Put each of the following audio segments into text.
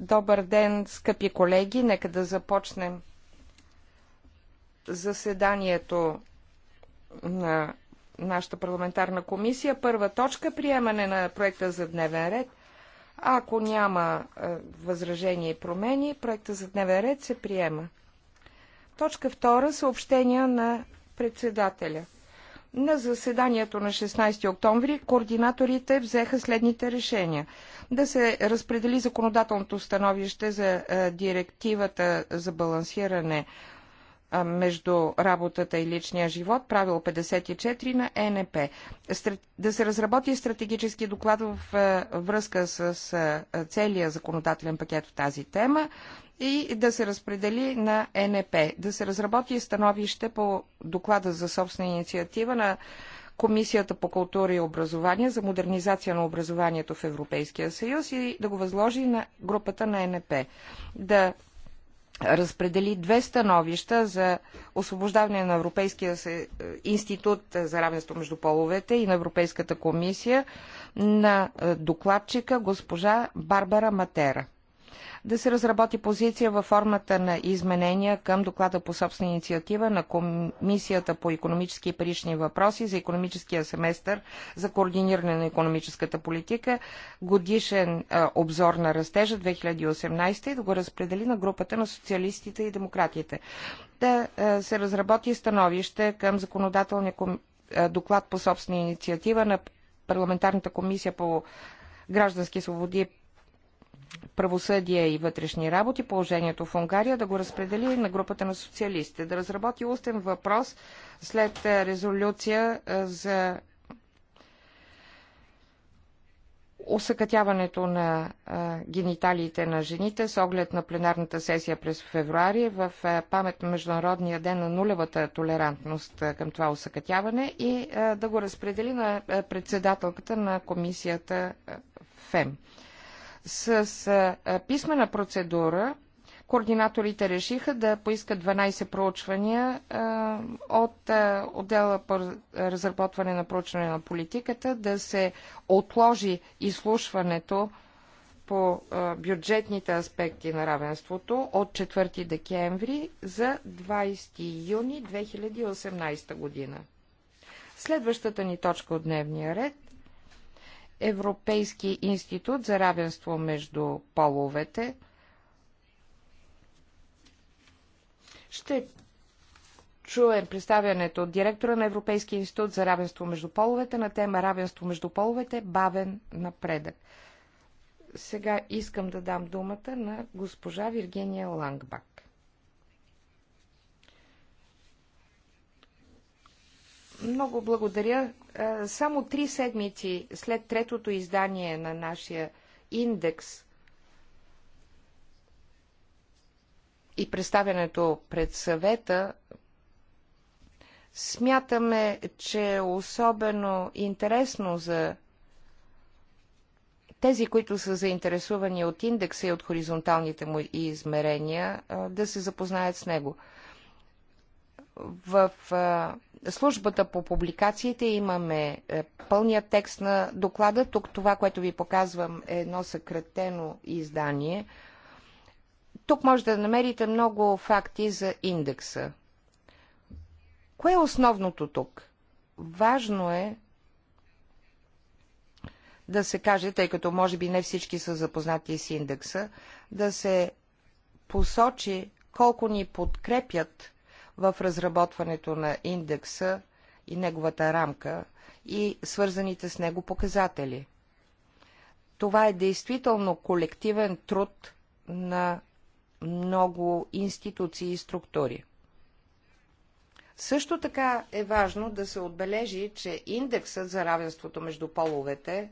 Добър ден, скъпи колеги. Нека да започнем заседанието на нашата парламентарна комисия. Първа точка – приемане на проекта за дневен ред. Ако няма възражения и промени, проекта за дневен ред се приема. Точка втора – съобщения на председателя. На заседанието на 16 октомври координаторите взеха следните решения. Да се разпредели законодателното становище за е, директивата за балансиране между работата и личния живот, правило 54 на ЕНП. Да се разработи стратегически доклад в връзка с целия законодателен пакет в тази тема и да се разпредели на ЕНП. Да се разработи становище по доклада за собствена инициатива на Комисията по култура и образование за модернизация на образованието в Европейския съюз и да го възложи на групата на ЕНП. Да разпредели две становища за освобождаване на Европейския институт за равенство между половете и на Европейската комисия на е, докладчика госпожа Барбара Матера да се разработи позиция във формата на изменения към доклада по собствена инициатива на Комисията по економически и парични въпроси за економическия семестър за координиране на економическата политика, годишен а, обзор на растежа 2018 и да го разпредели на групата на социалистите и демократите. Да а, се разработи становище към законодателния ком... а, доклад по собствена инициатива на Парламентарната комисия по граждански свободи, правосъдие и вътрешни работи, положението в Унгария, да го разпредели на групата на социалистите, да разработи устен въпрос след е, резолюция е, за усъкътяването на е, гениталиите на жените с оглед на пленарната сесия през февруари в памет на Международния ден на нулевата толерантност към това усъкътяване и да го разпредели на председателката на комисията ФЕМ. С писмена процедура координаторите решиха да поискат 12 проучвания от отдела по разработване на проучване на политиката, да се отложи изслушването по бюджетните аспекти на равенството от 4 декември за 20 юни 2018 година. Следващата ни точка от дневния ред Европейски институт за равенство между половете. Ще чуем представянето от директора на Европейския институт за равенство между половете на тема Равенство между половете – бавен напредък. Сега искам да дам думата на госпожа Виргения Лангбак. Много благодаря. Само три седмици след третото издание на нашия индекс и представянето пред съвета, смятаме, че е особено интересно за тези, които са заинтересувани от индекса и от хоризонталните му измерения, да се запознаят с него. В службата по публикациите имаме е, пълния текст на доклада. Тук това, което ви показвам е едно съкратено издание. Тук може да намерите много факти за индекса. Кое е основното тук? Важно е да се каже, тъй като може би не всички са запознати с индекса, да се посочи колко ни подкрепят в разработването на индекса и неговата рамка и свързаните с него показатели. Това е действително колективен труд на много институции и структури. Също така е важно да се отбележи, че индексът за равенството между половете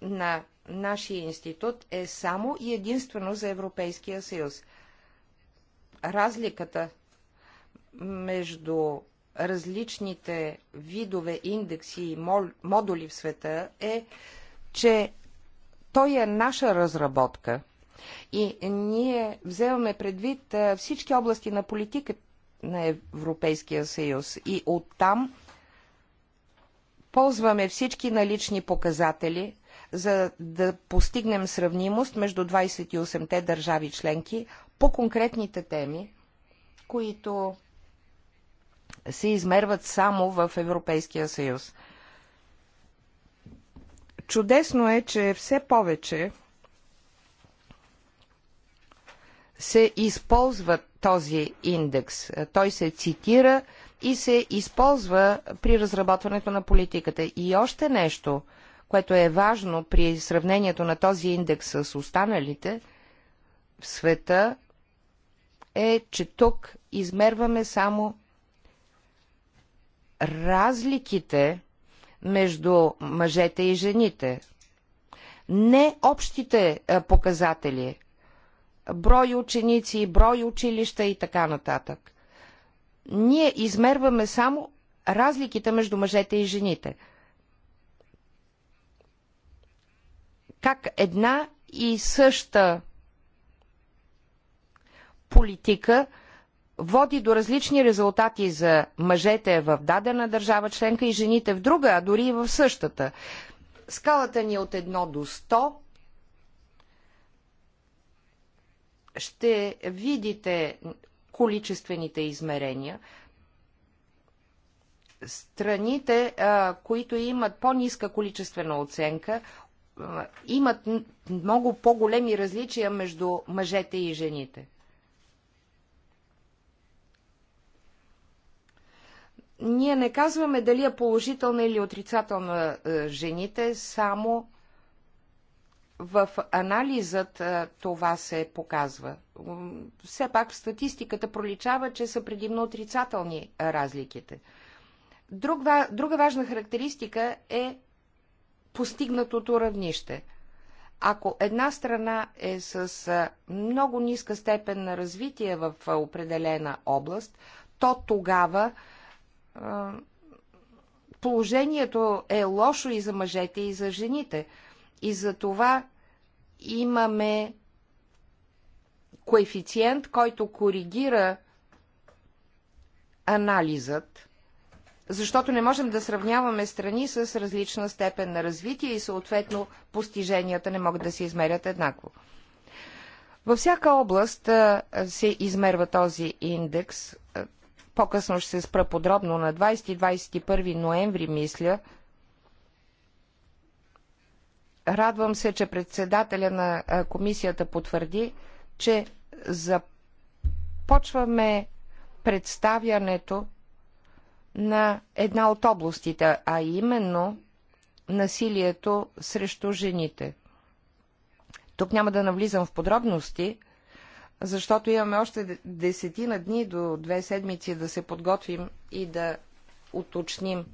на нашия институт е само и единствено за Европейския съюз – разликата между различните видове индекси и модули в света е, че той е наша разработка и ние вземаме предвид всички области на политика на Европейския съюз и оттам ползваме всички налични показатели, за да постигнем сравнимост между 28-те държави членки по конкретните теми, които се измерват само в Европейския съюз. Чудесно е, че все повече се използва този индекс. Той се цитира и се използва при разработването на политиката. И още нещо, което е важно при сравнението на този индекс с останалите в света, е, че тук измерваме само разликите между мъжете и жените. Не общите е, показатели. Брой ученици, брой училища и така нататък. Ние измерваме само разликите между мъжете и жените. Как една и съща политика води до различни резултати за мъжете в дадена държава членка и жените в друга, а дори и в същата. Скалата ни е от 1 до 100 ще видите количествените измерения. Страните, които имат по-ниска количествена оценка, имат много по-големи различия между мъжете и жените. Ние не казваме дали е положителна или отрицателна е, жените, само в анализът е, това се показва. Все пак в статистиката проличава, че са предимно отрицателни разликите. Друга, друга важна характеристика е постигнатото равнище. Ако една страна е с е, много ниска степен на развитие в определена област, то тогава положението е лошо и за мъжете, и за жените. И за това имаме коефициент, който коригира анализът, защото не можем да сравняваме страни с различна степен на развитие и съответно постиженията не могат да се измерят еднакво. Във всяка област се измерва този индекс, по-късно ще се спра подробно на 20-21 ноември, мисля. Радвам се, че председателя на комисията потвърди, че започваме представянето на една от областите, а именно насилието срещу жените. Тук няма да навлизам в подробности, защото имаме още десетина дни до две седмици да се подготвим и да уточним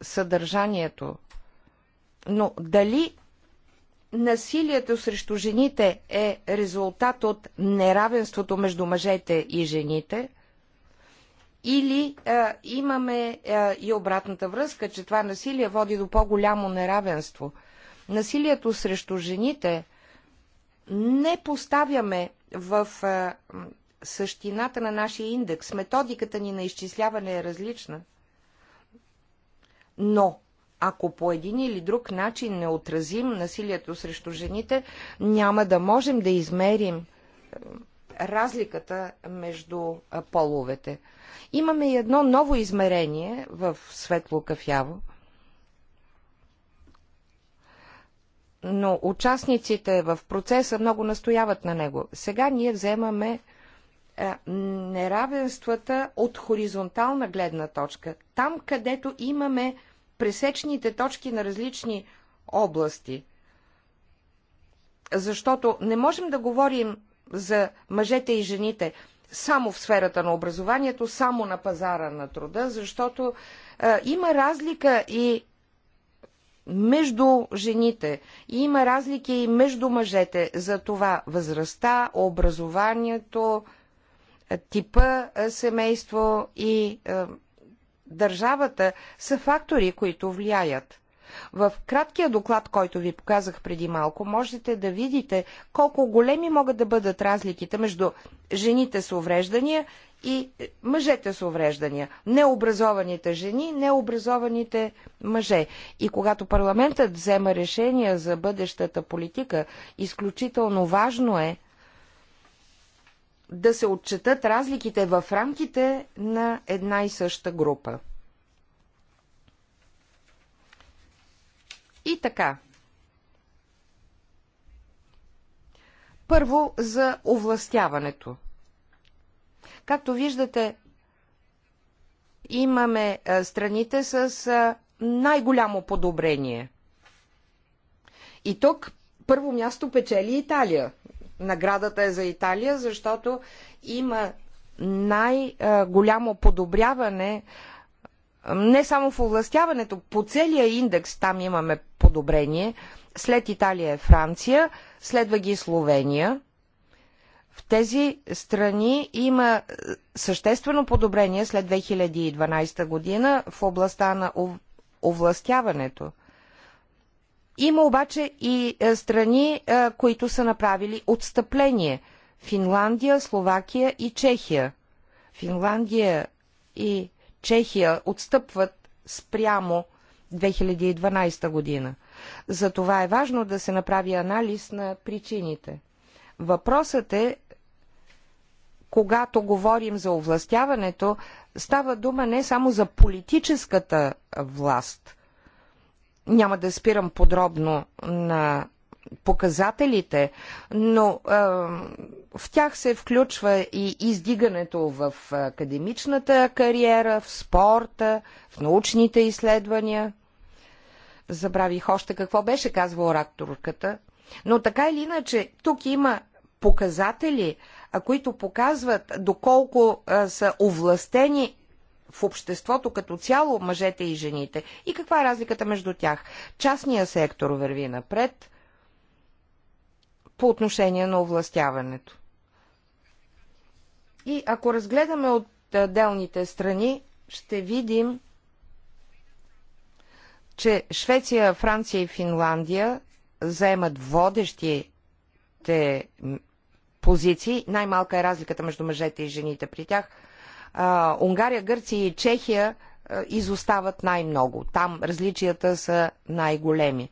съдържанието. Но дали насилието срещу жените е резултат от неравенството между мъжете и жените? Или а, имаме а, и обратната връзка, че това насилие води до по-голямо неравенство? Насилието срещу жените – не поставяме в същината на нашия индекс. Методиката ни на изчисляване е различна. Но ако по един или друг начин не отразим насилието срещу жените, няма да можем да измерим разликата между половете. Имаме и едно ново измерение в светло кафяво, но участниците в процеса много настояват на него. Сега ние вземаме е, неравенствата от хоризонтална гледна точка. Там, където имаме пресечните точки на различни области. Защото не можем да говорим за мъжете и жените само в сферата на образованието, само на пазара на труда, защото а, е, има разлика и между жените. И има разлики и между мъжете за това възрастта, образованието, типа семейство и е, държавата са фактори, които влияят. В краткия доклад, който ви показах преди малко, можете да видите колко големи могат да бъдат разликите между жените с увреждания и е, мъжете с увреждания. Необразованите жени, необразованите мъже. И когато парламентът взема решения за бъдещата политика, изключително важно е да се отчетат разликите в рамките на една и съща група. И така. Първо за овластяването. Както виждате, имаме страните с най-голямо подобрение. И тук първо място печели Италия. Наградата е за Италия, защото има най-голямо подобряване не само в овластяването, по целия индекс там имаме подобрение. След Италия е Франция, следва ги Словения. В тези страни има е, съществено подобрение след 2012 година в областта на овластяването. Има обаче и е, страни, е, които са направили отстъпление. Финландия, Словакия и Чехия. Финландия и Чехия отстъпват спрямо 2012 година. Затова е важно да се направи анализ на причините. Въпросът е, когато говорим за овластяването, става дума не само за политическата власт. Няма да спирам подробно на показателите, но а, в тях се включва и издигането в академичната кариера, в спорта, в научните изследвания. Забравих още какво беше казва ораторката, но така или иначе тук има показатели, които показват доколко а, са овластени в обществото като цяло мъжете и жените и каква е разликата между тях. Частния сектор върви напред – по отношение на овластяването. И ако разгледаме от отделните страни, ще видим, че Швеция, Франция и Финландия заемат водещите позиции. Най-малка е разликата между мъжете и жените при тях. А, Унгария, Гърция и Чехия а, изостават най-много. Там различията са най-големи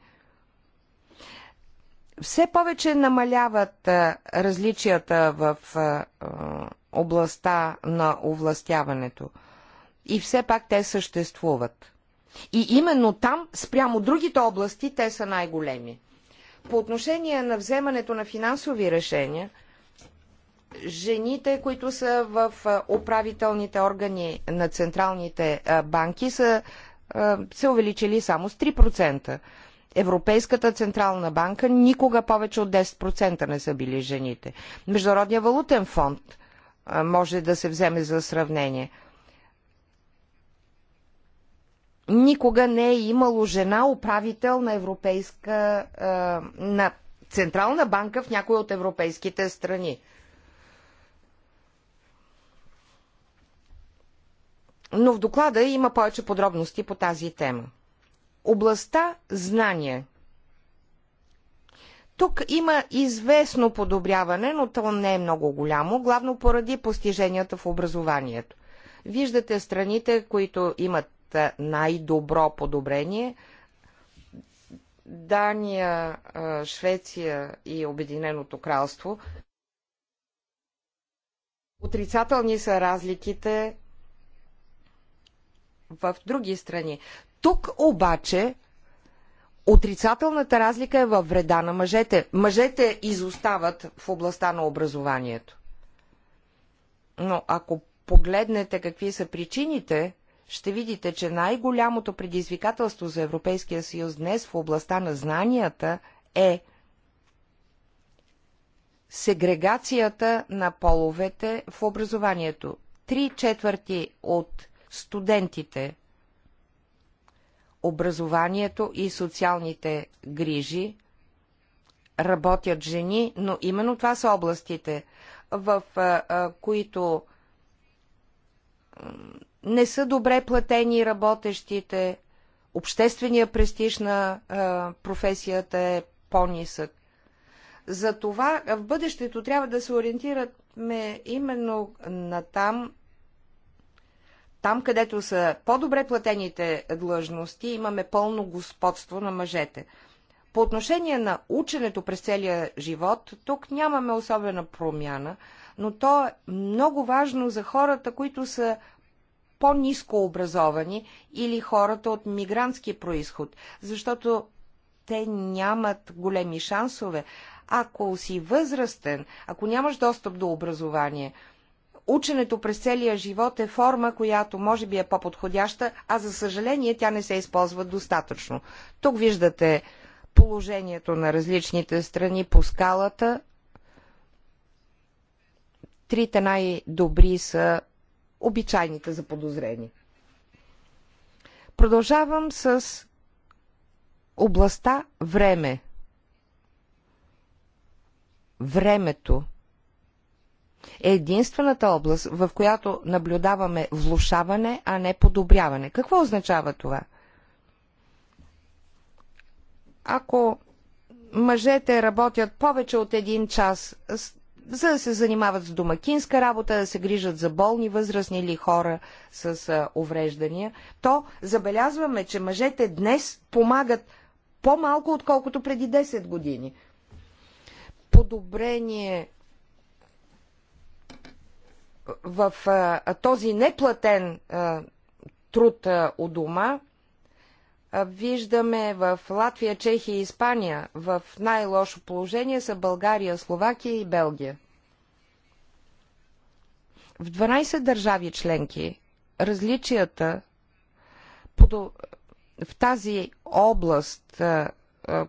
все повече намаляват различията в областта на овластяването. И все пак те съществуват. И именно там, спрямо другите области, те са най-големи. По отношение на вземането на финансови решения, жените, които са в управителните органи на централните банки, са се увеличили само с 3%. Европейската централна банка никога повече от 10% не са били жените. Международния валутен фонд може да се вземе за сравнение. Никога не е имало жена управител на Европейска на Централна банка в някои от европейските страни. Но в доклада има повече подробности по тази тема областта знание. Тук има известно подобряване, но то не е много голямо, главно поради постиженията в образованието. Виждате страните, които имат най-добро подобрение Дания, Швеция и Обединеното кралство. Отрицателни са разликите в други страни. Тук обаче отрицателната разлика е във вреда на мъжете. Мъжете изостават в областта на образованието. Но ако погледнете какви са причините, ще видите, че най-голямото предизвикателство за Европейския съюз днес в областта на знанията е сегрегацията на половете в образованието. Три четвърти от студентите образованието и социалните грижи работят жени, но именно това са областите, в които не са добре платени работещите, обществения престиж на професията е по-нисък. Затова в бъдещето трябва да се ориентираме именно на там, там, където са по-добре платените длъжности, имаме пълно господство на мъжете. По отношение на ученето през целия живот, тук нямаме особена промяна, но то е много важно за хората, които са по-низко образовани или хората от мигрантски происход, защото те нямат големи шансове. Ако си възрастен, ако нямаш достъп до образование, ученето през целия живот е форма, която може би е по-подходяща, а за съжаление тя не се използва достатъчно. Тук виждате положението на различните страни по скалата. Трите най-добри са обичайните за подозрени. Продължавам с областта време. Времето – е единствената област, в която наблюдаваме влушаване, а не подобряване. Какво означава това? Ако мъжете работят повече от един час, за да се занимават с домакинска работа, да се грижат за болни, възрастни или хора с а, увреждания, то забелязваме, че мъжете днес помагат по-малко, отколкото преди 10 години. Подобрение в този неплатен труд у дома виждаме в Латвия, Чехия и Испания. В най-лошо положение са България, Словакия и Белгия. В 12 държави членки различията в тази област,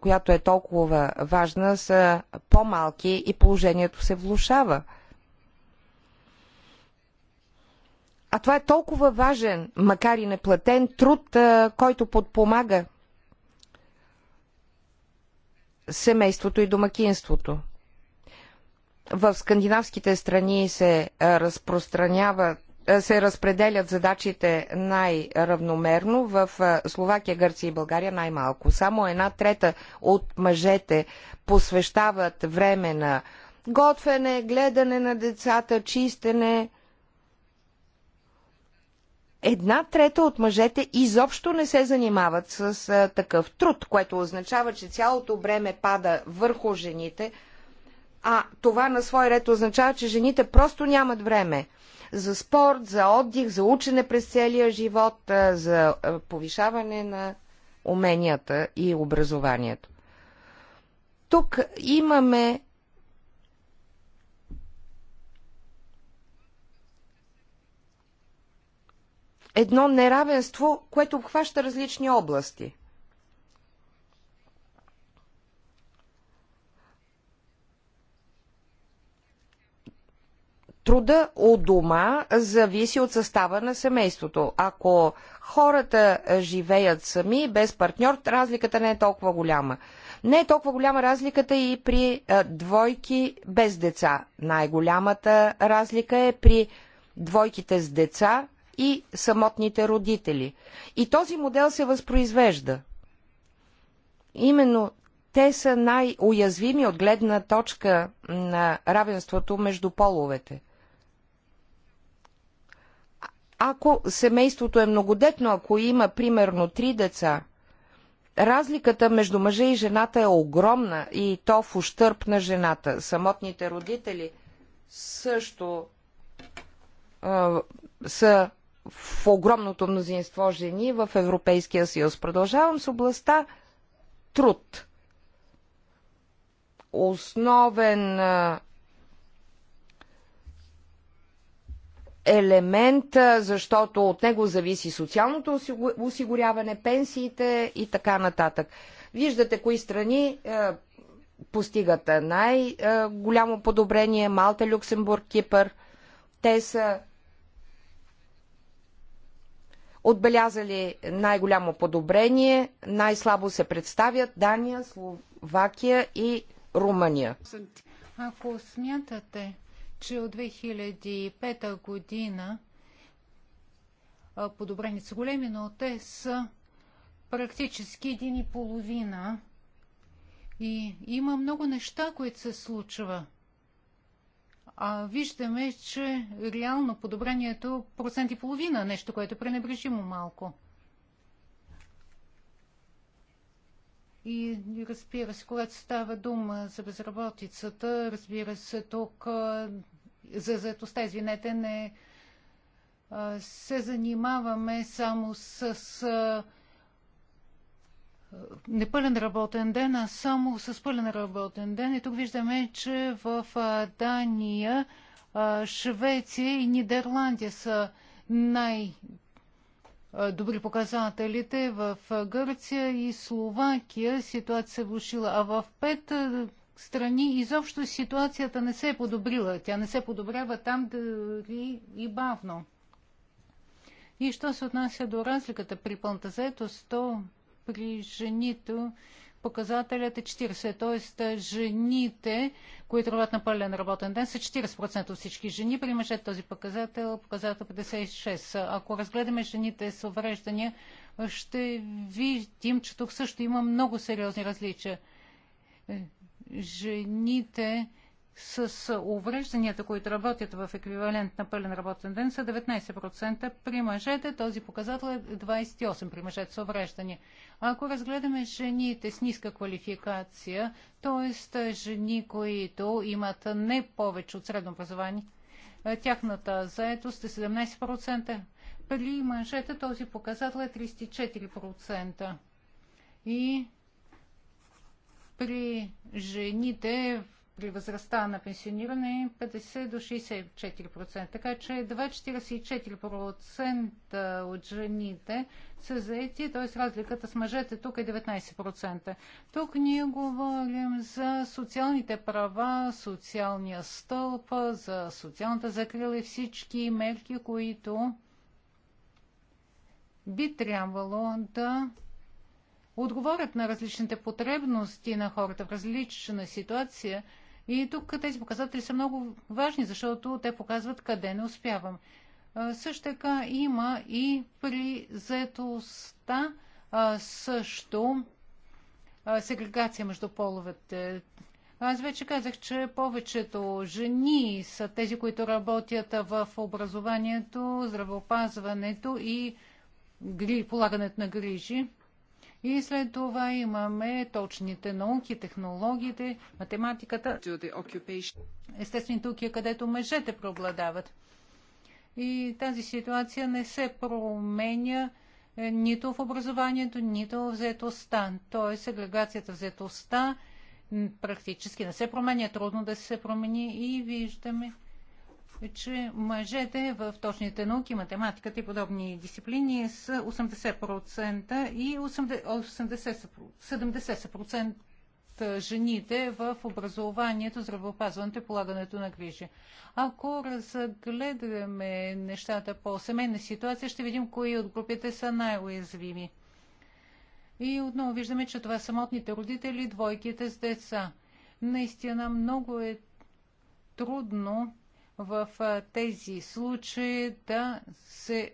която е толкова важна, са по-малки и положението се влушава. А това е толкова важен, макар и неплатен труд, който подпомага семейството и домакинството. В скандинавските страни се разпространяват се разпределят задачите най-равномерно, в Словакия, Гърция и България най-малко. Само една трета от мъжете посвещават време на готвене, гледане на децата, чистене, една трета от мъжете изобщо не се занимават с а, такъв труд, което означава, че цялото бреме пада върху жените, а това на свой ред означава, че жените просто нямат време за спорт, за отдих, за учене през целия живот, а, за а, повишаване на уменията и образованието. Тук имаме едно неравенство, което обхваща различни области. Труда у дома зависи от състава на семейството. Ако хората живеят сами, без партньор, разликата не е толкова голяма. Не е толкова голяма разликата и при двойки без деца. Най-голямата разлика е при двойките с деца и самотните родители. И този модел се възпроизвежда. Именно те са най-уязвими от гледна точка на равенството между половете. Ако семейството е многодетно, ако има примерно три деца, разликата между мъжа и жената е огромна и то в ущърп на жената. Самотните родители също а, са в огромното мнозинство жени в Европейския съюз. Продължавам с областта труд. Основен елемент, защото от него зависи социалното осигуряване, пенсиите и така нататък. Виждате кои страни постигат най-голямо подобрение Малта, Люксембург, Кипър. Те са отбелязали най-голямо подобрение, най-слабо се представят Дания, Словакия и Румъния. Ако смятате, че от 2005 година подобрени са големи, но те са практически един и половина. И има много неща, които се случва а виждаме, че реално подобрението процент и половина, нещо, което е пренебрежимо малко. И разбира се, когато става дума за безработицата, разбира се, тук за заедостта, извинете, не се занимаваме само с непълен работен ден, а само с пълен работен ден. И тук виждаме, че в Дания, Швеция и Нидерландия са най- добри показателите в Гърция и Словакия ситуация се е влушила, а в пет страни изобщо ситуацията не се е подобрила. Тя не се подобрява там дори и бавно. И що се отнася до разликата при пълната заетост, то при жените показателят е 40, т.е. жените, които работят на пълен работен ден, са 40% от всички жени, при мъжете този показател, показател 56. Ако разгледаме жените с увреждания, ще видим, че тук също има много сериозни различия. Е, жените с уврежданията, които работят в еквивалент на пълен работен ден, са 19%. При мъжете този показател е 28% при мъжете с увреждания. Ако разгледаме жените с ниска квалификация, т.е. жени, които имат не повече от средно образование, тяхната заетост е 17%. При мъжете този показател е 34%. И при жените в при възрастта на пенсиониране 50 е до 64%. Така че 2,44% от жените са заети, т.е. разликата с мъжете тук е 19%. Тук ние говорим за социалните права, социалния стълб, за социалната закрила и всички мерки, които би трябвало да отговорят на различните потребности на хората в различна ситуация – и тук тези показатели са много важни, защото те показват къде не успявам. Също така има и при заетостта също сегрегация между половете. Аз вече казах, че повечето жени са тези, които работят в образованието, здравеопазването и полагането на грижи. И след това имаме точните науки, технологиите, математиката. Естествено, тук е където мъжете преобладават. И тази ситуация не се променя е, нито в образованието, нито в заетостта. Тоест, сегрегацията в заетостта практически не се променя, трудно да се промени и виждаме че мъжете в точните науки, математиката и подобни дисциплини са 80% и 80, 80, 70% жените в образованието, здравеопазването и полагането на грижи. Ако разгледаме нещата по семейна ситуация, ще видим кои от групите са най-уязвими. И отново виждаме, че това самотните родители, двойките с деца. Наистина много е трудно в тези случаи да се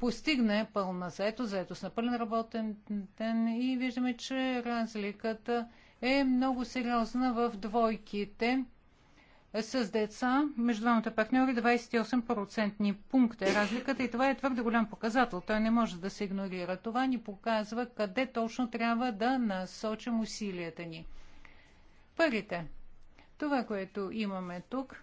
постигне пълна заетост, заетост на пълен работен ден и виждаме, че разликата е много сериозна в двойките с деца между двамата партньори 28% пункта е разликата и това е твърде голям показател. Той не може да се игнорира. Това ни показва къде точно трябва да насочим усилията ни. Парите. Това, което имаме тук,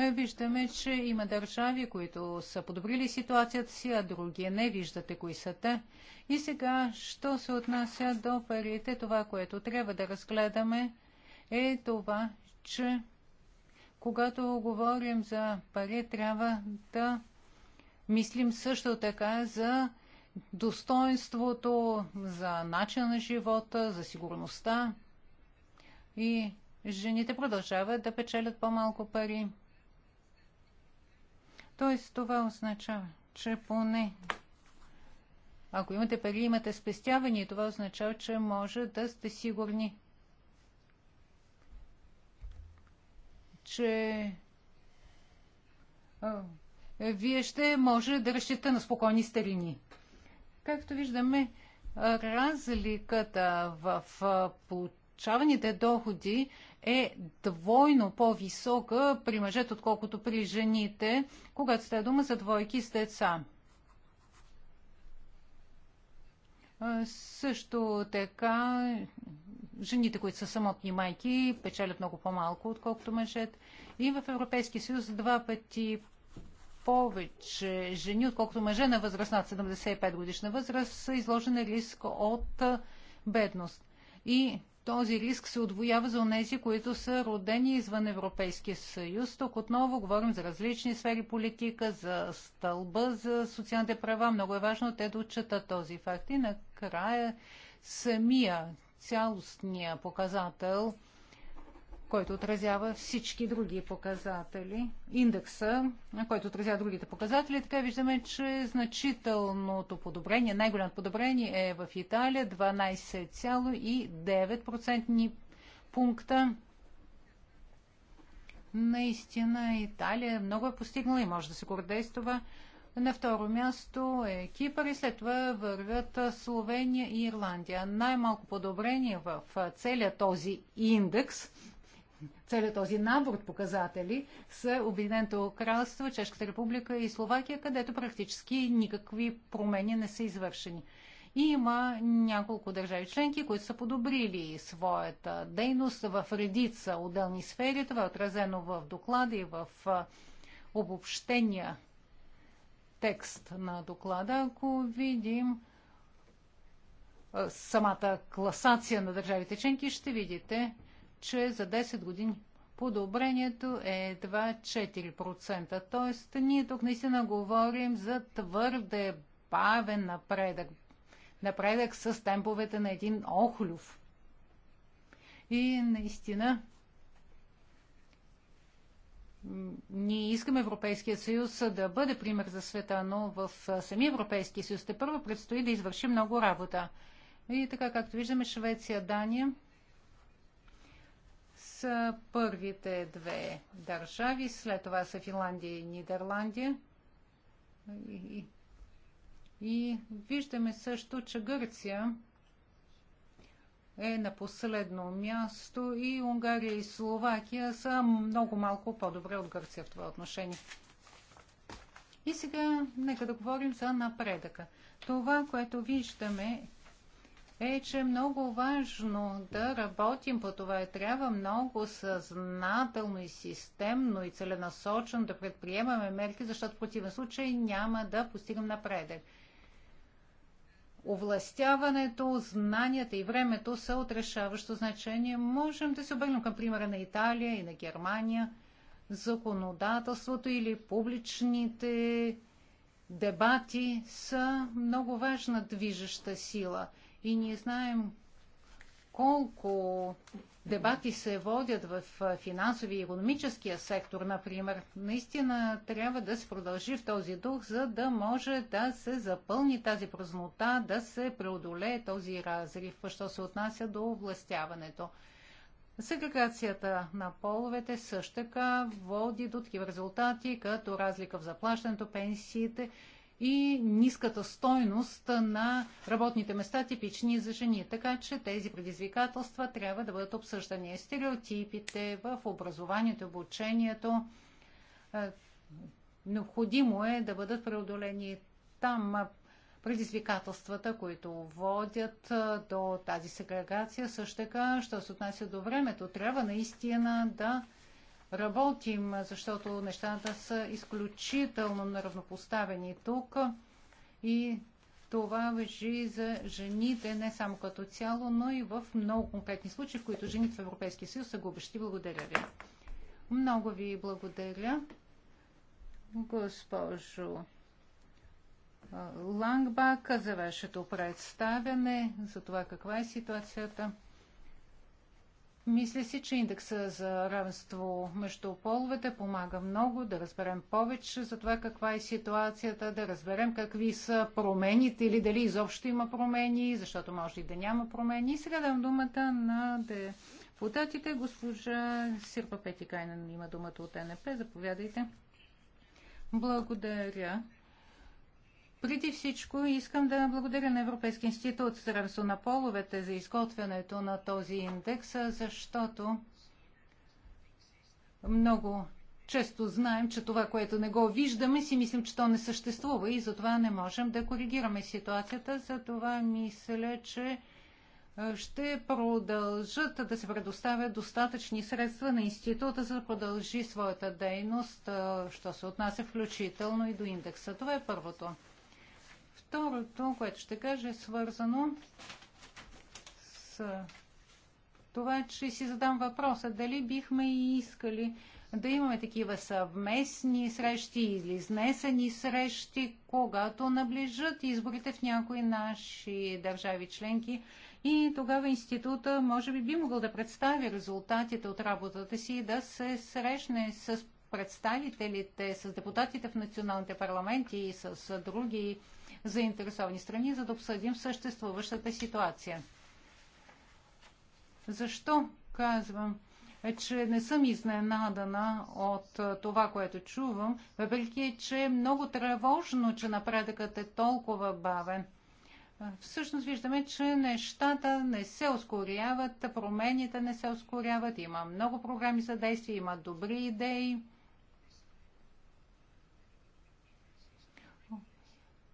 Е, виждаме, че има държави, които са подобрили ситуацията си, а други не виждате кои са те. И сега, що се отнася до парите, това, което трябва да разгледаме, е това, че когато говорим за пари, трябва да мислим също така за достоинството, за начина на живота, за сигурността. И жените продължават да печелят по-малко пари. Тоест това означава, че поне ако имате пари, имате спестявания, това означава, че може да сте сигурни, че а, вие ще може да разчитате на спокойни старини. Както виждаме, разликата в получаваните доходи е двойно по-висока при мъжете, отколкото при жените, когато става дума за двойки с деца. Също така, жените, които са самотни майки, печелят много по-малко, отколкото мъжете. И в Европейския съюз два пъти повече жени, отколкото мъже на възраст над 75 годишна възраст, са изложени риск от бедност. И този риск се отвоява за онези, които са родени извън Европейския съюз. Тук отново говорим за различни сфери политика, за стълба, за социалните права. Много е важно те да отчета този факт. И накрая самия цялостния показател – който отразява всички други показатели, индекса, който отразява другите показатели. Така виждаме, че значителното подобрение, най-голямото подобрение е в Италия 12,9% пункта. Наистина Италия много е постигнала и може да се гордее с това. На второ място е Кипър и след това вървят Словения и Ирландия. Най-малко подобрение в целия този индекс – целият този набор от показатели са Обединеното кралство, Чешката република и Словакия, където практически никакви промени не са извършени. И има няколко държави членки, които са подобрили своята дейност в редица отделни сфери. Това е отразено в доклада и в обобщения текст на доклада. Ако видим самата класация на държавите членки, ще видите, че за 10 години подобрението е едва 4%. Тоест, ние тук наистина говорим за твърде бавен напредък. Напредък с темповете на един охлюв. И наистина ние искаме Европейския съюз да бъде пример за света, но в самия Европейския съюз те първо предстои да извърши много работа. И така, както виждаме, Швеция, Дания – са първите две държави, след това са Финландия и Нидерландия. И, и виждаме също, че Гърция е на последно място и Унгария и Словакия са много малко по-добре от Гърция в това отношение. И сега нека да говорим за напредъка. Това, което виждаме е, че е много важно да работим по това и трябва много съзнателно и системно и целенасочено да предприемаме мерки, защото в противен случай няма да постигам напредък. Овластяването, знанията и времето са от решаващо значение. Можем да се обърнем към примера на Италия и на Германия. Законодателството или публичните дебати са много важна движеща сила – и ние знаем колко дебати се водят в финансови и економическия сектор, например, наистина трябва да се продължи в този дух, за да може да се запълни тази празнота, да се преодолее този разрив, що се отнася до областяването. Сегрегацията на половете също така води до такива резултати, като разлика в заплащането, пенсиите и ниската стойност на работните места, типични за жени. Така че тези предизвикателства трябва да бъдат обсъждани. Стереотипите в образованието, обучението. Е, необходимо е да бъдат преодолени там предизвикателствата, които водят е, до тази сегрегация. Също така, що се отнася до времето, трябва наистина да работим, защото нещата са изключително неравнопоставени тук и това въжи за жените не само като цяло, но и в много конкретни случаи, в които жените в Европейския съюз са губещи. Благодаря ви. Много ви благодаря, госпожо Лангбак, за вашето представяне, за това каква е ситуацията. Мисля си, че индекса за равенство между половете помага много да разберем повече за това каква е ситуацията, да разберем какви са промените или дали изобщо има промени, защото може и да няма промени. И сега дам думата на депутатите. Госпожа Сирпа Петикайнен има думата от НП. Заповядайте. Благодаря. Преди всичко искам да благодаря на Европейски институт за равенство на половете за изготвянето на този индекс, защото много често знаем, че това, което не го виждаме, си мислим, че то не съществува и затова не можем да коригираме ситуацията. Затова мисля, че ще продължат да се предоставят достатъчни средства на института, за да продължи своята дейност, що се отнася включително и до индекса. Това е първото. Второто, което ще кажа, е свързано с това, че си задам въпроса дали бихме искали да имаме такива съвместни срещи или изнесени срещи, когато наближат изборите в някои наши държави членки. И тогава института може би би могъл да представи резултатите от работата си и да се срещне с представителите, с депутатите в националните парламенти и с други заинтересовани страни, за да обсъдим съществуващата ситуация. Защо казвам, че не съм изненадана от това, което чувам, въпреки че е много тревожно, че напредъкът е толкова бавен. Всъщност виждаме, че нещата не се ускоряват, промените не се ускоряват, има много програми за действие, има добри идеи.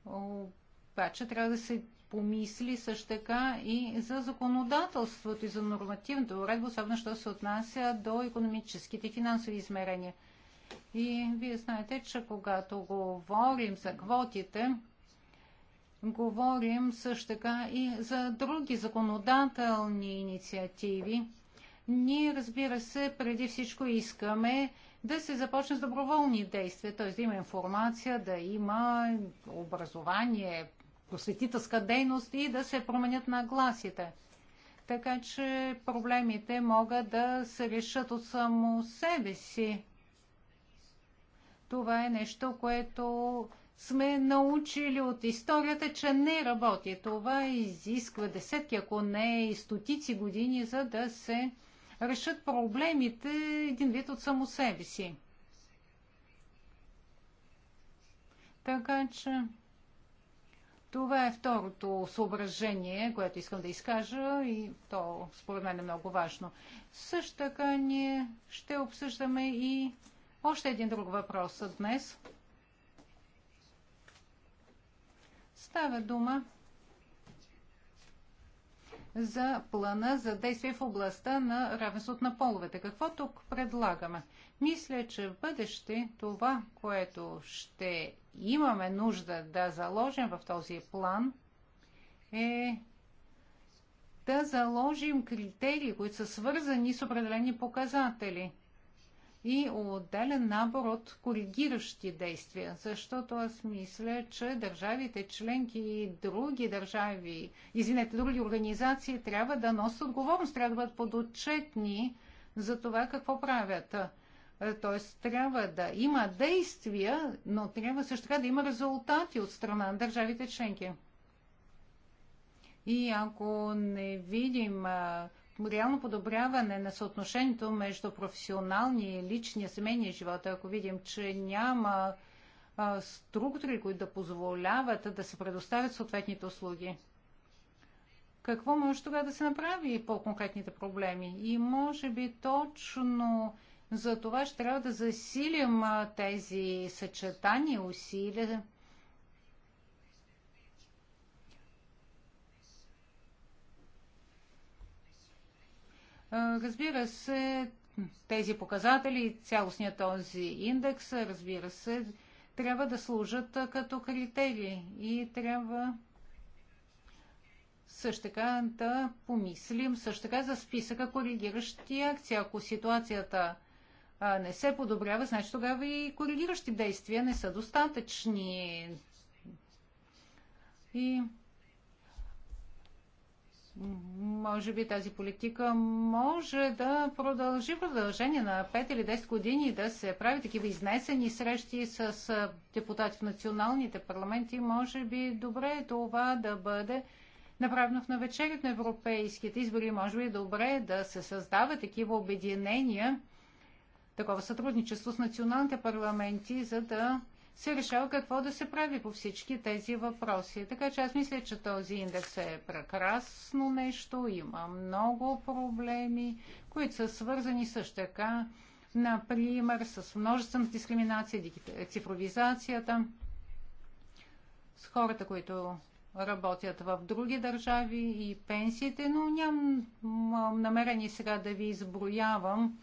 Обаче трябва да се помисли също така и за законодателството и за нормативната уредба, особено що се отнася до економическите и финансови измерения. И вие знаете, че когато говорим за квотите, говорим също така и за други законодателни инициативи. Ние, разбира се, преди всичко искаме да се започне с доброволни действия, т.е. да има информация, да има образование, просветителска дейност и да се променят нагласите. Така че проблемите могат да се решат от само себе си. Това е нещо, което сме научили от историята, че не работи. Това изисква десетки, ако не и стотици години, за да се решат проблемите един вид от само себе си. Така че това е второто съображение, което искам да изкажа и то според мен е много важно. Също така ние ще обсъждаме и още един друг въпрос днес. Става дума за плана за действие в областта на равенството на половете. Какво тук предлагаме? Мисля, че в бъдеще това, което ще имаме нужда да заложим в този план, е да заложим критерии, които са свързани с определени показатели – и отделен набор от коригиращи действия, защото аз мисля, че държавите членки и други държави, извинете, други организации трябва да носят отговорност, трябва да бъдат подотчетни за това какво правят. Е, тоест трябва да има действия, но трябва също така да има резултати от страна на държавите членки. И ако не видим е, реално подобряване на съотношението между професионалния, личния, семейния живот. Ако видим, че няма структури, които да позволяват да се предоставят съответните услуги, какво може тогава да се направи по конкретните проблеми? И може би точно за това ще трябва да засилим тези съчетания, усилия, Разбира се, тези показатели, цялостният този индекс, разбира се, трябва да служат като критерии и трябва също така да помислим също така за списъка коригиращи акции. Ако ситуацията не се подобрява, значи тогава и коригиращи действия не са достатъчни. И може би тази политика може да продължи в продължение на 5 или 10 години да се прави такива изнесени срещи с депутати в националните парламенти. Може би добре е това да бъде направено в навечерят на европейските избори. Може би добре е да се създава такива обединения, такова сътрудничество с националните парламенти, за да се решава какво да се прави по всички тези въпроси. Така че аз мисля, че този индекс е прекрасно нещо, има много проблеми, които са свързани също така, например, с множествената дискриминация, цифровизацията, с хората, които работят в други държави и пенсиите, но нямам намерение сега да ви изброявам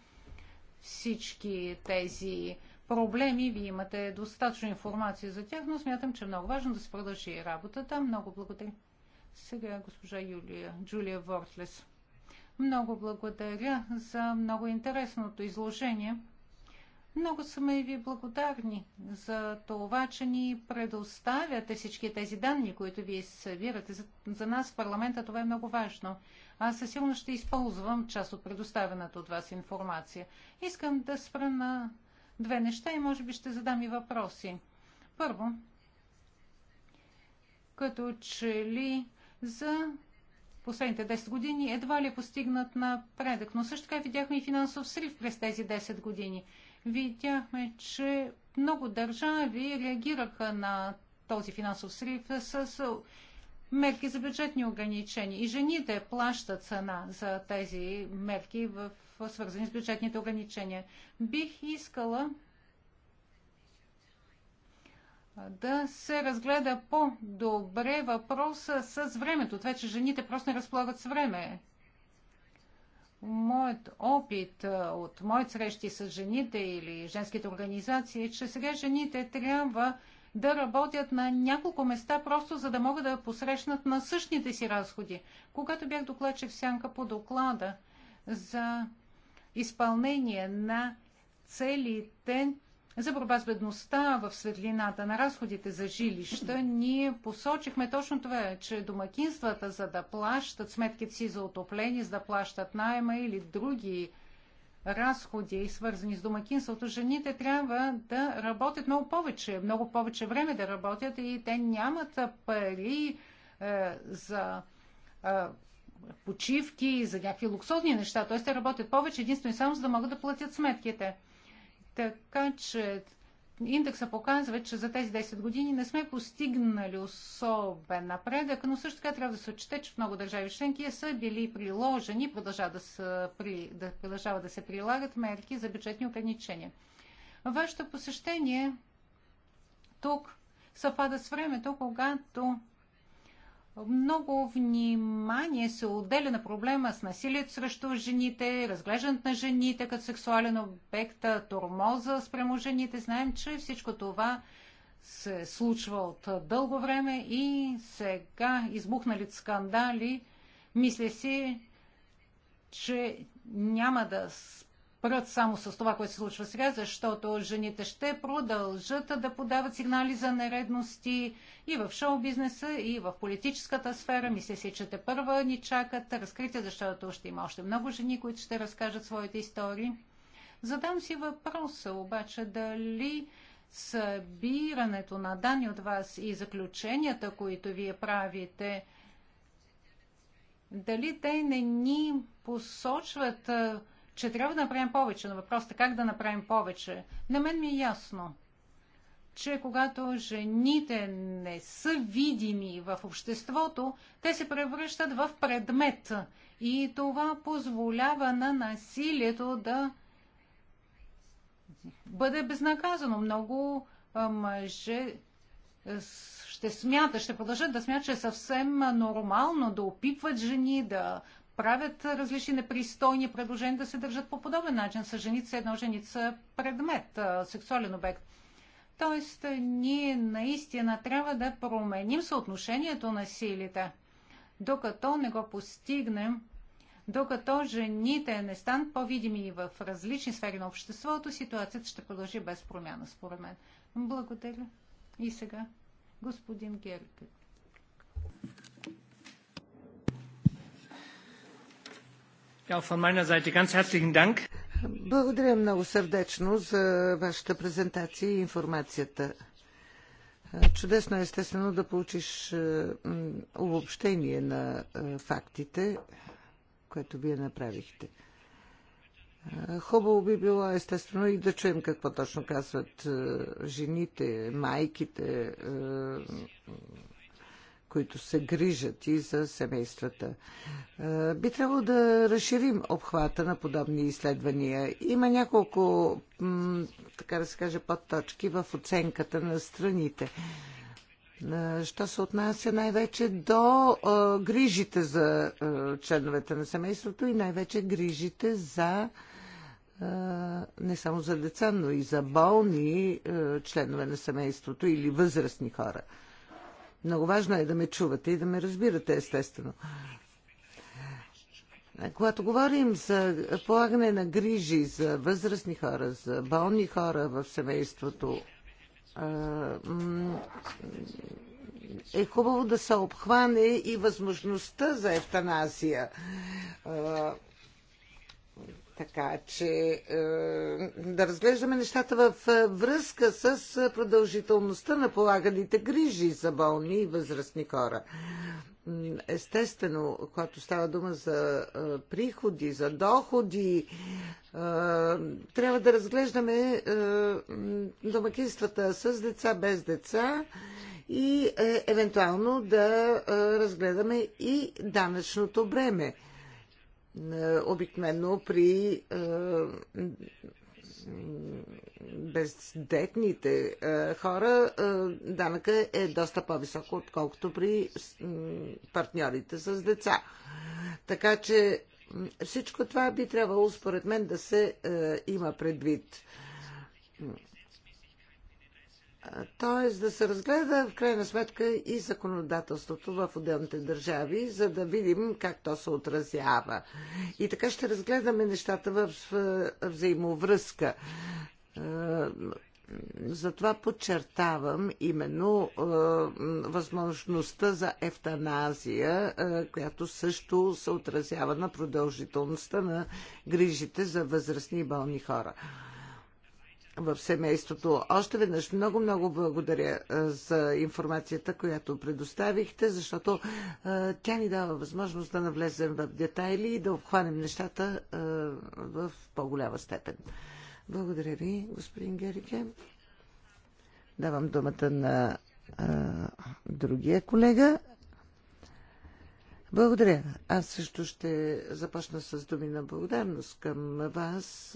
всички тези проблеми, вие имате достатъчно информация за тях, но смятам, че е много важно да се продължи работата. Много благодаря. Сега госпожа Юлия, Джулия Вортлес. Много благодаря за много интересното изложение. Много сме ви благодарни за това, че ни предоставяте всички тези данни, които вие събирате. За, за нас в парламента това е много важно. Аз със сигурност ще използвам част от предоставената от вас информация. Искам да спра на две неща и може би ще задам и въпроси. Първо, като че ли за последните 10 години едва ли е постигнат напредък. Но също така видяхме и финансов срив през тези 10 години. Видяхме, че много държави реагираха на този финансов срив с мерки за бюджетни ограничения. И жените плащат цена за тези мерки в свързани с бюджетните ограничения. Бих искала да се разгледа по-добре въпроса с времето. Това, е, че жените просто не разполагат с време. Моят опит от моите срещи с жените или женските организации е, че сега жените трябва да работят на няколко места, просто за да могат да посрещнат насъщните си разходи. Когато бях докладчик сянка по доклада за изпълнение на целите за борба с бедността в светлината на разходите за жилища, ние посочихме точно това, че домакинствата, за да плащат сметките си за отопление, за да плащат найема или други разходи, свързани с домакинството, жените трябва да работят много повече, много повече време да работят и те нямат пари е, за е, почивки и за някакви луксозни неща. Т.е. те работят повече единствено и само за да могат да платят сметките. Така че индекса показва, че за тези 10 години не сме постигнали особен напредък, но също така трябва да се отчете, че в много държави членки са били приложени, продължават да, са, при, да, продължават да се прилагат мерки за бюджетни ограничения. Вашето посещение тук съвпада с времето, когато много внимание се отделя на проблема с насилието срещу жените, разглеждането на жените като сексуален обект, тормоза спрямо жените. Знаем, че всичко това се случва от дълго време и сега избухнали скандали, мисля си, че няма да прат само с това, което се случва сега, защото жените ще продължат да подават сигнали за нередности и в шоу-бизнеса, и в политическата сфера. Мисля си, че те първа ни чакат разкрития, защото ще има още много жени, които ще разкажат своите истории. Задам си въпроса обаче дали събирането на данни от вас и заключенията, които вие правите, дали те не ни посочват че трябва да направим повече, на въпроса, как да направим повече. На мен ми е ясно, че когато жените не са видими в обществото, те се превръщат в предмет. И това позволява на насилието да бъде безнаказано. Много мъже ще смята, ще продължат да смятат, че е съвсем нормално да опипват жени, да правят различни непристойни предложения да се държат по подобен начин с женица, едно женица предмет, сексуален обект. Тоест, ние наистина трябва да променим съотношението на силите. Докато не го постигнем, докато жените не станат по-видими в различни сфери на обществото, ситуацията ще продължи без промяна, според мен. Благодаря. И сега, господин Геркът. Благодаря много сърдечно за вашата презентация и информацията. Чудесно е естествено да получиш е, обобщение на е, фактите, което вие направихте. Е, хубаво би било естествено и да чуем какво точно казват жените, майките, които се грижат и за семействата. Е, би трябвало да разширим обхвата на подобни изследвания. Има няколко, така да се каже, подточки в оценката на страните. Е, що се отнася най-вече до е, грижите за членовете на семейството и най-вече грижите за не само за деца, но и за болни членове на семейството или възрастни хора. Много важно е да ме чувате и да ме разбирате, естествено. Когато говорим за полагане на грижи за възрастни хора, за болни хора в семейството, е хубаво да се обхване и възможността за евтаназия. Така че е, да разглеждаме нещата в е, връзка с е, продължителността на полаганите грижи за болни и възрастни хора. Естествено, когато става дума за е, приходи, за доходи, е, трябва да разглеждаме е, домакинствата с деца, без деца и евентуално да разгледаме и данъчното бреме е, обикновено при е, бездетните е, хора данъка е доста по-висок, отколкото при партньорите с деца. Така че всичко това би трябвало, според мен, да се има предвид. Тоест да се разгледа в крайна сметка и законодателството в отделните държави, за да видим как то се отразява. И така ще разгледаме нещата в взаимовръзка. Е, затова подчертавам именно е, възможността за ефтаназия, е, която също се отразява на продължителността на грижите за възрастни и болни хора. Е, в семейството. Още веднъж много-много благодаря за информацията, която предоставихте, защото тя ни дава възможност да навлезем в детайли и да обхванем нещата в по-голяма степен. Благодаря ви, господин Герике. Давам думата на а, другия колега. Благодаря. Аз също ще започна с думи на благодарност към вас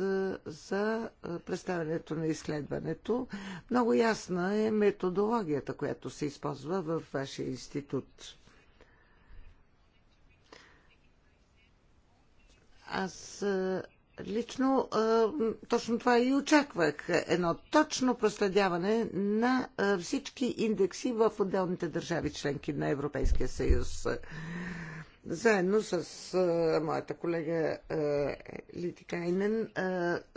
за представянето на изследването. Много ясна е методологията, която се използва в вашия институт. Аз Лично точно това и очаквах. Едно точно проследяване на всички индекси в отделните държави членки на Европейския съюз. Заедно с моята колега Лити Кайнен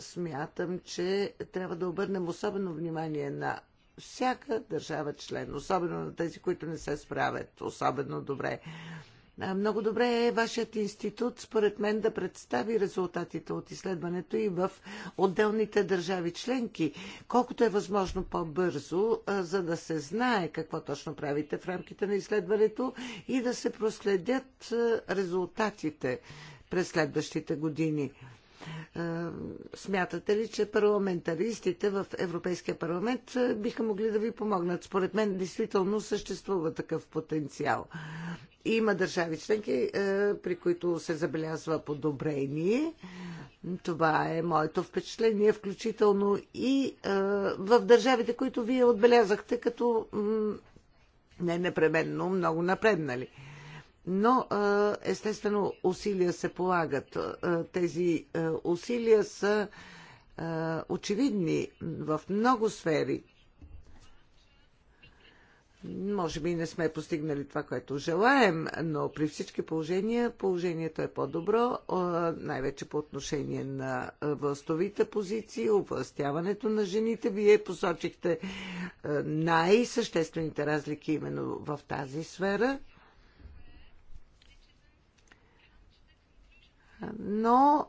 смятам, че трябва да обърнем особено внимание на всяка държава член, особено на тези, които не се справят особено добре. Много добре е вашият институт, според мен, да представи резултатите от изследването и в отделните държави членки, колкото е възможно по-бързо, за да се знае какво точно правите в рамките на изследването и да се проследят резултатите през следващите години. Е, смятате ли, че парламентаристите в Европейския парламент е, биха могли да ви помогнат? Според мен, действително съществува такъв потенциал. Има държави членки, е, при които се забелязва подобрение. Това е моето впечатление, включително и в държавите, които вие отбелязахте като не непременно много напреднали но естествено усилия се полагат. Тези усилия са очевидни в много сфери. Може би не сме постигнали това, което желаем, но при всички положения положението е по-добро, най-вече по отношение на властовите позиции, областяването на жените. Вие посочихте най-съществените разлики именно в тази сфера – Но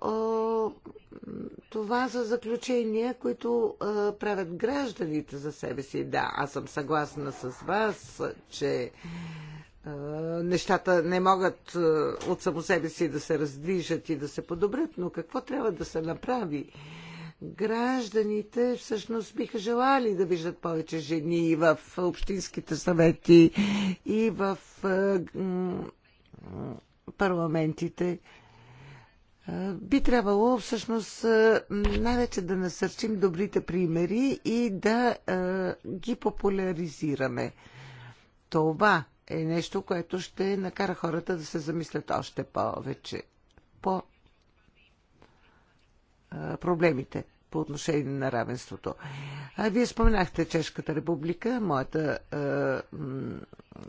това за заключения, които правят гражданите за себе си. Да, аз съм съгласна с вас, че нещата не могат от само себе си да се раздвижат и да се подобрят, но какво трябва да се направи? Гражданите всъщност биха желали да виждат повече жени и в общинските съвети, и в парламентите. Би трябвало всъщност е, най-вече да насърчим добрите примери и да е, ги популяризираме. Това е нещо, което ще накара хората да се замислят още повече по е, проблемите по отношение на равенството. А вие споменахте Чешката република, моята е,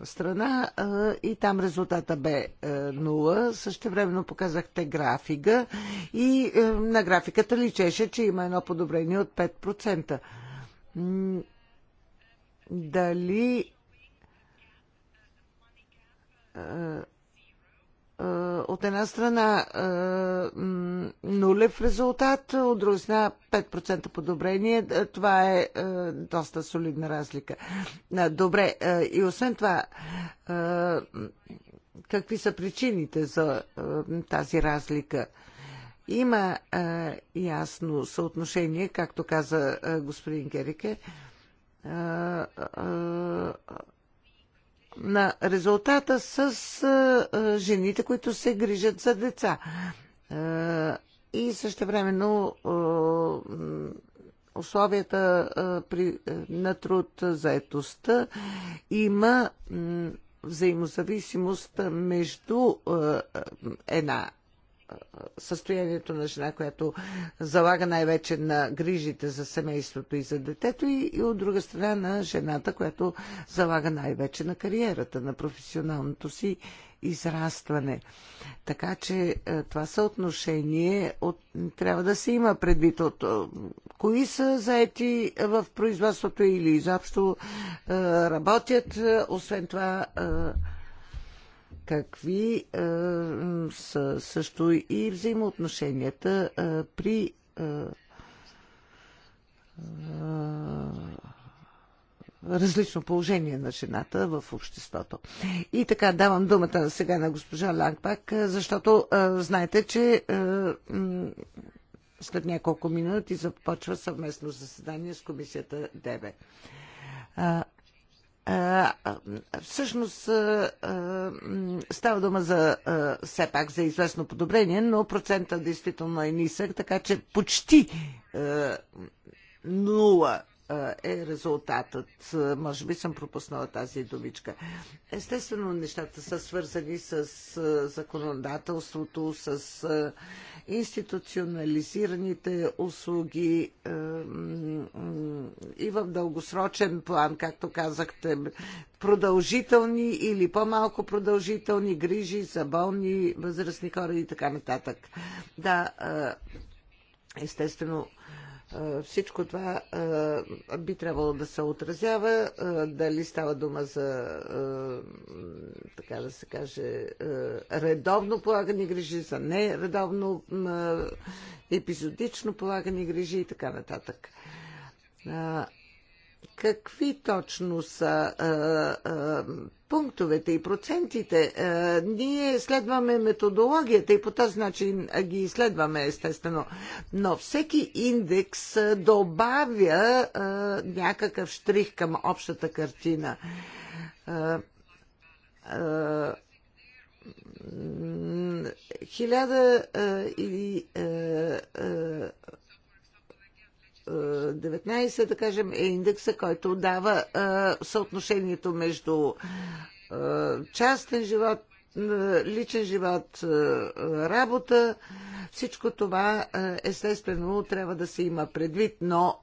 страна, е, и там резултата бе е, 0. времено показахте графика и е, на графиката личеше, че има едно подобрение от 5%. Дали е, е, от една страна е, нулев резултат, от друга страна 5% подобрение. Е, това е доста солидна разлика. Добре, и освен това, какви са причините за тази разлика? Има ясно съотношение, както каза господин Герике, на резултата с жените, които се грижат за деца. И също времено условията при, на труд, заетостта има взаимозависимост между една състоянието на жена, която залага най-вече на грижите за семейството и за детето и, и от друга страна на жената, която залага най-вече на кариерата, на професионалното си израстване. Така че е, това съотношение от, трябва да се има предвид от е, кои са заети в производството или изобщо е, работят, освен това какви а, е, са също и взаимоотношенията а, е, при а, е, а, различно положение на жената в обществото. И така, давам думата сега на госпожа Лангпак, защото а, знаете, че а, след няколко минути започва съвместно заседание с комисията ДБ. Всъщност става дума за все пак за известно подобрение, но процента действително е нисък, така че почти нула е резултатът. Може би съм пропуснала тази думичка. Естествено, нещата са свързани с законодателството, с институционализираните услуги и в дългосрочен план, както казахте, продължителни или по-малко продължителни грижи за болни, възрастни хора и така нататък. Да, е, естествено, всичко това би трябвало да се отразява, дали става дума за, така да се каже, редовно полагани грижи, за нередовно, епизодично полагани грижи и така нататък. Какви точно са пунктовете и процентите. Е, ние следваме методологията и по този начин ги изследваме, естествено. Но всеки индекс е, добавя е, някакъв штрих към общата картина хиляда и 19, да кажем, е индекса, който дава е, съотношението между е, частен живот, е, личен живот, работа. Всичко това естествено трябва да се има предвид, но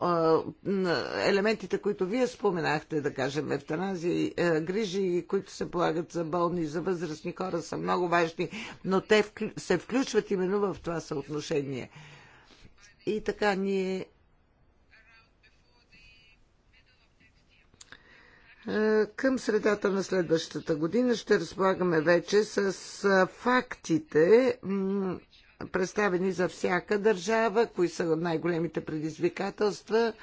елементите, които вие споменахте, да кажем, евтаназия, грижи, които се полагат за болни, за възрастни хора, са много важни, но те се включват именно в това съотношение. И така ние Е, към средата на следващата година ще разполагаме вече с фактите, представени за всяка държава, кои са най-големите предизвикателства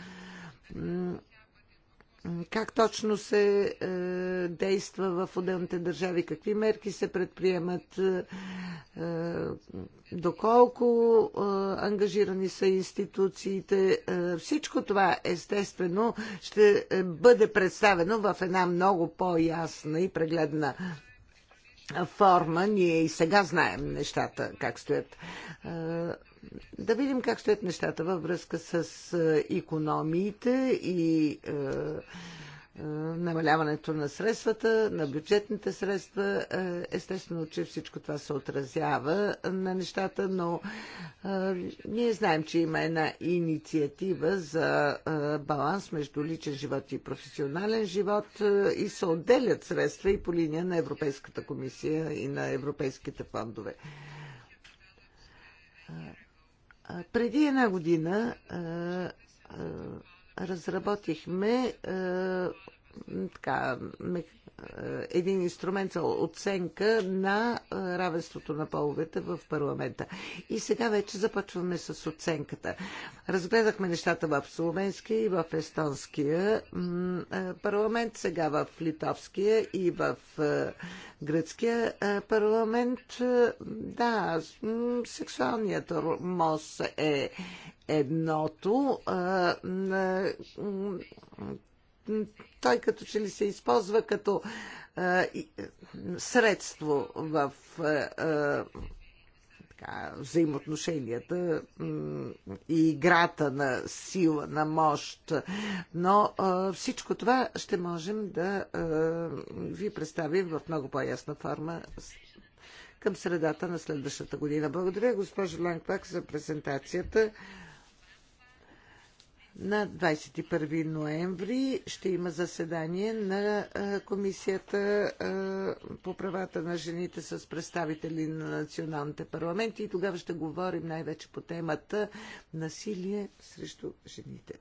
Ами, как точно се е, действа в отделните държави, какви мерки се предприемат, е, е доколко е, ангажирани са институциите. Е, всичко това естествено ще е, бъде представено в една много по-ясна и прегледна форма. Ние и сега знаем нещата как стоят. Е, да видим как стоят нещата във връзка с економиите и намаляването на средствата, на бюджетните средства. Естествено, че всичко това се отразява на нещата, но ние знаем, че има една инициатива за баланс между личен живот и професионален живот и се отделят средства и по линия на Европейската комисия и на европейските фондове. Преди една година разработихме така, е, един инструмент за оценка на е, равенството на половете в парламента. И сега вече започваме с оценката. Разгледахме нещата в словенски и в естонския е, парламент, сега в литовския и в гръцкия парламент. Да, сексуалният мост е едното той като че ли се използва като е, средство в е, е, така, взаимоотношенията и играта на сила, на мощ. Но всичко това ще можем да ви представим в много по-ясна форма към средата на следващата година. Благодаря, госпожо Ланквак, за презентацията. На 21 ноември ще има заседание на Комисията по правата на жените с представители на националните парламенти и тогава ще говорим най-вече по темата насилие срещу жените.